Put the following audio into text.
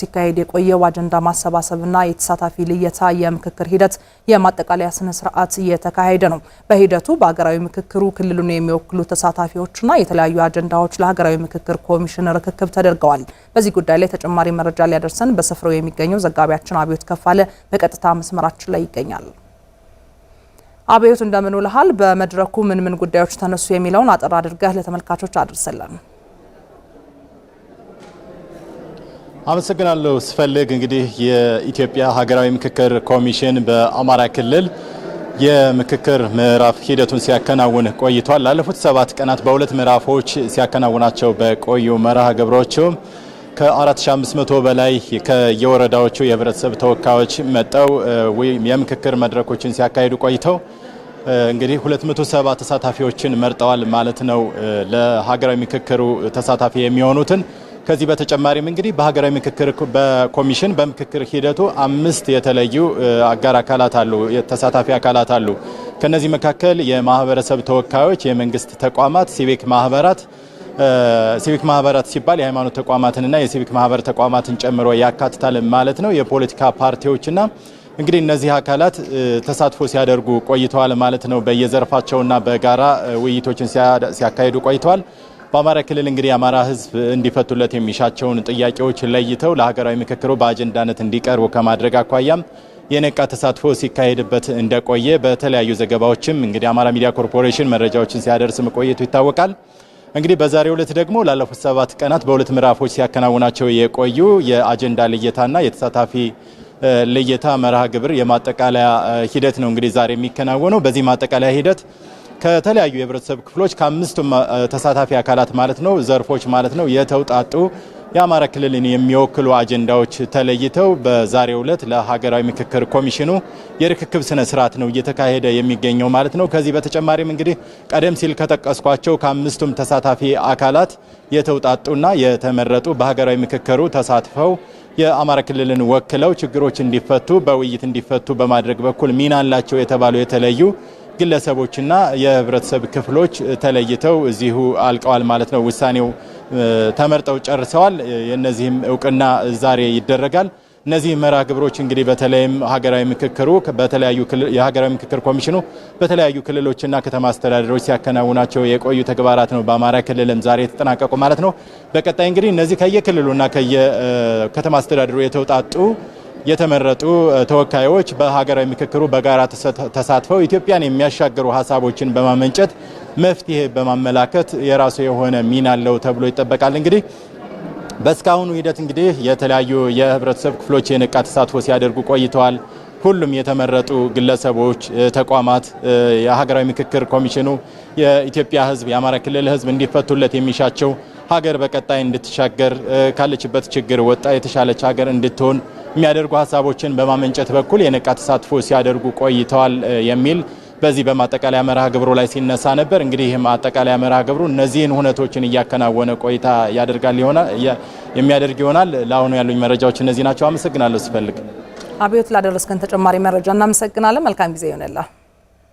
ሲካሄድ የቆየው አጀንዳ ማሰባሰብና የተሳታፊ ልየታ የምክክር ሂደት የማጠቃለያ ስነ ስርዓት እየተካሄደ ነው። በሂደቱ በሀገራዊ ምክክሩ ክልሉን የሚወክሉ ተሳታፊዎችና የተለያዩ አጀንዳዎች ለሀገራዊ ምክክር ኮሚሽን ርክክብ ተደርገዋል። በዚህ ጉዳይ ላይ ተጨማሪ መረጃ ሊያደርሰን በስፍራው የሚገኘው ዘጋቢያችን አብዮት ከፋለ በቀጥታ መስመራችን ላይ ይገኛል። አብዮት እንደምን ውለሃል? በመድረኩ ምን ምን ጉዳዮች ተነሱ የሚለውን አጠር አድርገህ ለተመልካቾች አድርሰለን። አመሰግናለሁ ስፈልግ እንግዲህ የኢትዮጵያ ሀገራዊ ምክክር ኮሚሽን በአማራ ክልል የምክክር ምዕራፍ ሂደቱን ሲያከናውን ቆይቷል። ላለፉት ሰባት ቀናት በሁለት ምዕራፎች ሲያከናውናቸው በቆዩ መርሃ ግብሮቹ ከ4500 በላይ ከየወረዳዎቹ የህብረተሰብ ተወካዮች መጠው የምክክር መድረኮችን ሲያካሂዱ ቆይተው እንግዲህ 270 ተሳታፊዎችን መርጠዋል ማለት ነው። ለሀገራዊ ምክክሩ ተሳታፊ የሚሆኑትን ከዚህ በተጨማሪም እንግዲህ በሀገራዊ ምክክር በኮሚሽን በምክክር ሂደቱ አምስት የተለዩ አጋር አካላት አሉ፣ ተሳታፊ አካላት አሉ። ከነዚህ መካከል የማህበረሰብ ተወካዮች፣ የመንግስት ተቋማት፣ ሲቪክ ማህበራት ሲቪክ ማህበራት ሲባል የሃይማኖት ተቋማትንና የሲቪክ ማህበር ተቋማትን ጨምሮ ያካትታል ማለት ነው። የፖለቲካ ፓርቲዎችና እንግዲህ እነዚህ አካላት ተሳትፎ ሲያደርጉ ቆይተዋል ማለት ነው። በየዘርፋቸውና በጋራ ውይይቶችን ሲያካሂዱ ቆይተዋል። በአማራ ክልል እንግዲህ የአማራ ህዝብ እንዲፈቱለት የሚሻቸውን ጥያቄዎች ለይተው ለሀገራዊ ምክክሩ በአጀንዳነት እንዲቀርቡ ከማድረግ አኳያም የነቃ ተሳትፎ ሲካሄድበት እንደቆየ በተለያዩ ዘገባዎችም እንግዲህ አማራ ሚዲያ ኮርፖሬሽን መረጃዎችን ሲያደርስ መቆየቱ ይታወቃል። እንግዲህ በዛሬው ዕለት ደግሞ ላለፉት ሰባት ቀናት በሁለት ምዕራፎች ሲያከናውናቸው የቆዩ የአጀንዳ ልየታና የተሳታፊ ልየታ መርሃ ግብር የማጠቃለያ ሂደት ነው እንግዲህ ዛሬ የሚከናወነው። በዚህ ማጠቃለያ ሂደት ከተለያዩ የህብረተሰብ ክፍሎች ከአምስቱም ተሳታፊ አካላት ማለት ነው ዘርፎች ማለት ነው የተውጣጡ የአማራ ክልልን የሚወክሉ አጀንዳዎች ተለይተው በዛሬው ዕለት ለሀገራዊ ምክክር ኮሚሽኑ የርክክብ ስነ ስርዓት ነው እየተካሄደ የሚገኘው ማለት ነው። ከዚህ በተጨማሪም እንግዲህ ቀደም ሲል ከጠቀስኳቸው ከአምስቱም ተሳታፊ አካላት የተውጣጡና የተመረጡ በሀገራዊ ምክክሩ ተሳትፈው የአማራ ክልልን ወክለው ችግሮች እንዲፈቱ በውይይት እንዲፈቱ በማድረግ በኩል ሚና አላቸው የተባሉ የተለዩ ግለሰቦችና የህብረተሰብ ክፍሎች ተለይተው እዚሁ አልቀዋል ማለት ነው። ውሳኔው ተመርጠው ጨርሰዋል። የእነዚህም እውቅና ዛሬ ይደረጋል። እነዚህ መርሃ ግብሮች እንግዲህ በተለይም ሀገራዊ ምክክሩ በተለያዩ የሀገራዊ ምክክር ኮሚሽኑ በተለያዩ ክልሎችና ከተማ አስተዳደሮች ሲያከናውናቸው የቆዩ ተግባራት ነው። በአማራ ክልልም ዛሬ የተጠናቀቁ ማለት ነው። በቀጣይ እንግዲህ እነዚህ ከየክልሉና ከየከተማ አስተዳደሩ የተውጣጡ የተመረጡ ተወካዮች በሀገራዊ ምክክሩ በጋራ ተሳትፈው ኢትዮጵያን የሚያሻግሩ ሀሳቦችን በማመንጨት መፍትሄ በማመላከት የራሱ የሆነ ሚና አለው ተብሎ ይጠበቃል። እንግዲህ በእስካሁኑ ሂደት እንግዲህ የተለያዩ የህብረተሰብ ክፍሎች የነቃ ተሳትፎ ሲያደርጉ ቆይተዋል። ሁሉም የተመረጡ ግለሰቦች፣ ተቋማት፣ የሀገራዊ ምክክር ኮሚሽኑ የኢትዮጵያ ህዝብ፣ የአማራ ክልል ህዝብ እንዲፈቱለት የሚሻቸው ሀገር በቀጣይ እንድትሻገር ካለችበት ችግር ወጣ የተሻለች ሀገር እንድትሆን የሚያደርጉ ሀሳቦችን በማመንጨት በኩል የነቃ ተሳትፎ ሲያደርጉ ቆይተዋል የሚል በዚህ በማጠቃለያ መርሃ ግብሩ ላይ ሲነሳ ነበር። እንግዲህ ይህ ማጠቃለያ መርሃ ግብሩ እነዚህን ሁነቶችን እያከናወነ ቆይታ ያደርጋል የሚያደርግ ይሆናል። ለአሁኑ ያሉኝ መረጃዎች እነዚህ ናቸው። አመሰግናለሁ። ሲፈልግ አብዮት ላደረስከን ተጨማሪ መረጃ እናመሰግናለን። መልካም ጊዜ ይሆነላ